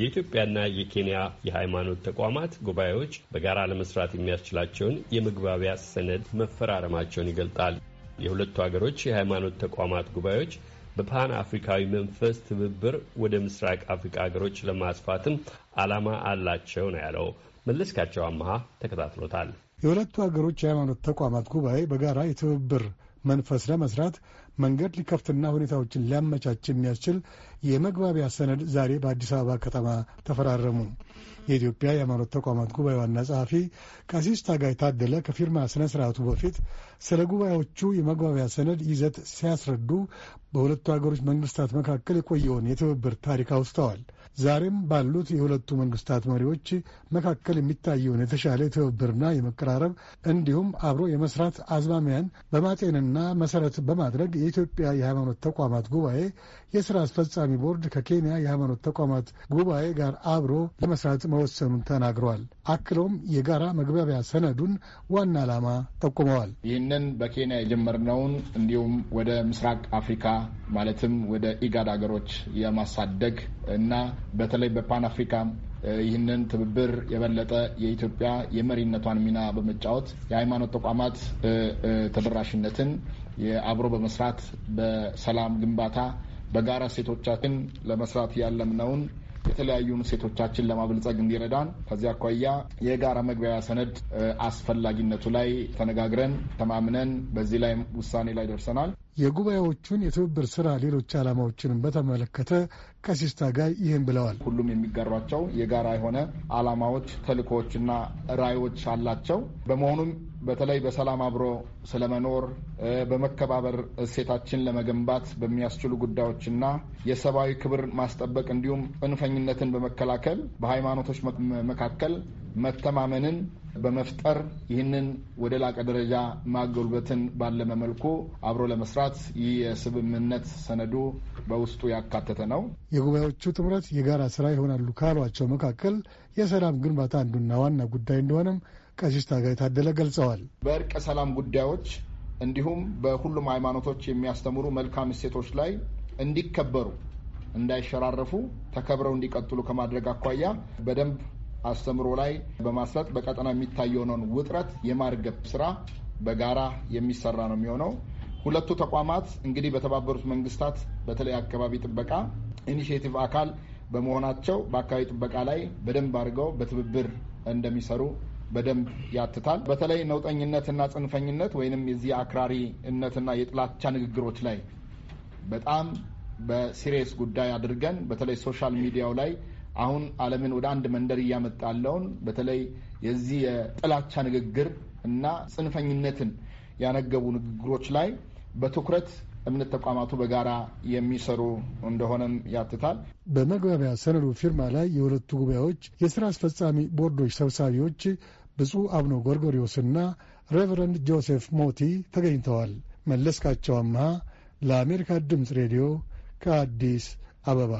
የኢትዮጵያና የኬንያ የሃይማኖት ተቋማት ጉባኤዎች በጋራ ለመስራት የሚያስችላቸውን የመግባቢያ ሰነድ መፈራረማቸውን ይገልጣል። የሁለቱ ሀገሮች የሃይማኖት ተቋማት ጉባኤዎች በፓን አፍሪካዊ መንፈስ ትብብር ወደ ምስራቅ አፍሪካ ሀገሮች ለማስፋትም ዓላማ አላቸው ነው ያለው። መለስካቸው አመሃ ተከታትሎታል። የሁለቱ ሀገሮች የሃይማኖት ተቋማት ጉባኤ በጋራ የትብብር መንፈስ ለመስራት መንገድ ሊከፍትና ሁኔታዎችን ሊያመቻች የሚያስችል የመግባቢያ ሰነድ ዛሬ በአዲስ አበባ ከተማ ተፈራረሙ። የኢትዮጵያ የሃይማኖት ተቋማት ጉባኤ ዋና ጸሐፊ ቀሲስ ታጋይ ታደለ ከፊርማ ስነ ስርዓቱ በፊት ስለ ጉባኤዎቹ የመግባቢያ ሰነድ ይዘት ሲያስረዱ በሁለቱ ሀገሮች መንግስታት መካከል የቆየውን የትብብር ታሪክ አውስተዋል። ዛሬም ባሉት የሁለቱ መንግስታት መሪዎች መካከል የሚታየውን የተሻለ ትብብርና የመቀራረብ እንዲሁም አብሮ የመስራት አዝማሚያን በማጤንና መሰረት በማድረግ የኢትዮጵያ የሃይማኖት ተቋማት ጉባኤ የስራ አስፈጻሚ ቦርድ ከኬንያ የሃይማኖት ተቋማት ጉባኤ ጋር አብሮ ለመስራት መወሰኑን ተናግረዋል። አክለውም የጋራ መግባቢያ ሰነዱን ዋና ዓላማ ጠቁመዋል። ይህንን በኬንያ የጀመርነውን እንዲሁም ወደ ምስራቅ አፍሪካ ማለትም ወደ ኢጋድ ሀገሮች የማሳደግ እና በተለይ በፓን አፍሪካ ይህንን ትብብር የበለጠ የኢትዮጵያ የመሪነቷን ሚና በመጫወት የሃይማኖት ተቋማት ተደራሽነትን የአብሮ በመስራት በሰላም ግንባታ በጋራ ሴቶቻችን ለመስራት ያለምነውን የተለያዩን ሴቶቻችን ለማብልጸግ እንዲረዳን ከዚህ አኳያ የጋራ መግቢያ ሰነድ አስፈላጊነቱ ላይ ተነጋግረን ተማምነን በዚህ ላይ ውሳኔ ላይ ደርሰናል። የጉባኤዎቹን የትብብር ስራ ሌሎች ዓላማዎችንም በተመለከተ ከሲስታ ጋር ይህን ብለዋል። ሁሉም የሚጋሯቸው የጋራ የሆነ ዓላማዎች፣ ተልእኮዎችና ራዕዮች አላቸው። በመሆኑም በተለይ በሰላም አብሮ ስለመኖር በመከባበር እሴታችን ለመገንባት በሚያስችሉ ጉዳዮችና የሰብአዊ ክብር ማስጠበቅ እንዲሁም ጽንፈኝነትን በመከላከል በሃይማኖቶች መካከል መተማመንን በመፍጠር ይህንን ወደ ላቀ ደረጃ ማጎልበትን ባለመ መልኩ አብሮ ለመስራት ይህ የስምምነት ሰነዱ በውስጡ ያካተተ ነው። የጉባኤዎቹ ጥምረት የጋራ ስራ ይሆናሉ ካሏቸው መካከል የሰላም ግንባታ አንዱና ዋና ጉዳይ እንደሆነም ቀሲስ ታጋይ ታደለ ገልጸዋል። በእርቀ ሰላም ጉዳዮች እንዲሁም በሁሉም ሃይማኖቶች የሚያስተምሩ መልካም እሴቶች ላይ እንዲከበሩ እንዳይሸራረፉ ተከብረው እንዲቀጥሉ ከማድረግ አኳያ በደንብ አስተምሮ ላይ በማስረጥ በቀጠና የሚታየውን ውጥረት የማርገብ ስራ በጋራ የሚሰራ ነው የሚሆነው። ሁለቱ ተቋማት እንግዲህ በተባበሩት መንግስታት በተለይ አካባቢ ጥበቃ ኢኒሽቲቭ አካል በመሆናቸው በአካባቢ ጥበቃ ላይ በደንብ አድርገው በትብብር እንደሚሰሩ በደንብ ያትታል። በተለይ ነውጠኝነትና ጽንፈኝነት ወይንም የዚህ አክራሪነትና የጥላቻ ንግግሮች ላይ በጣም በሲሪየስ ጉዳይ አድርገን በተለይ ሶሻል ሚዲያው ላይ አሁን ዓለምን ወደ አንድ መንደር እያመጣለውን በተለይ የዚህ የጥላቻ ንግግር እና ጽንፈኝነትን ያነገቡ ንግግሮች ላይ በትኩረት እምነት ተቋማቱ በጋራ የሚሰሩ እንደሆነም ያትታል። በመግባቢያ ሰነዱ ፊርማ ላይ የሁለቱ ጉባኤዎች የሥራ አስፈጻሚ ቦርዶች ሰብሳቢዎች ብፁዕ አቡነ ጎርጎሪዎስና ሬቨረንድ ጆሴፍ ሞቲ ተገኝተዋል። መለስካቸው አምሃ ለአሜሪካ ድምፅ ሬዲዮ ከአዲስ አበባ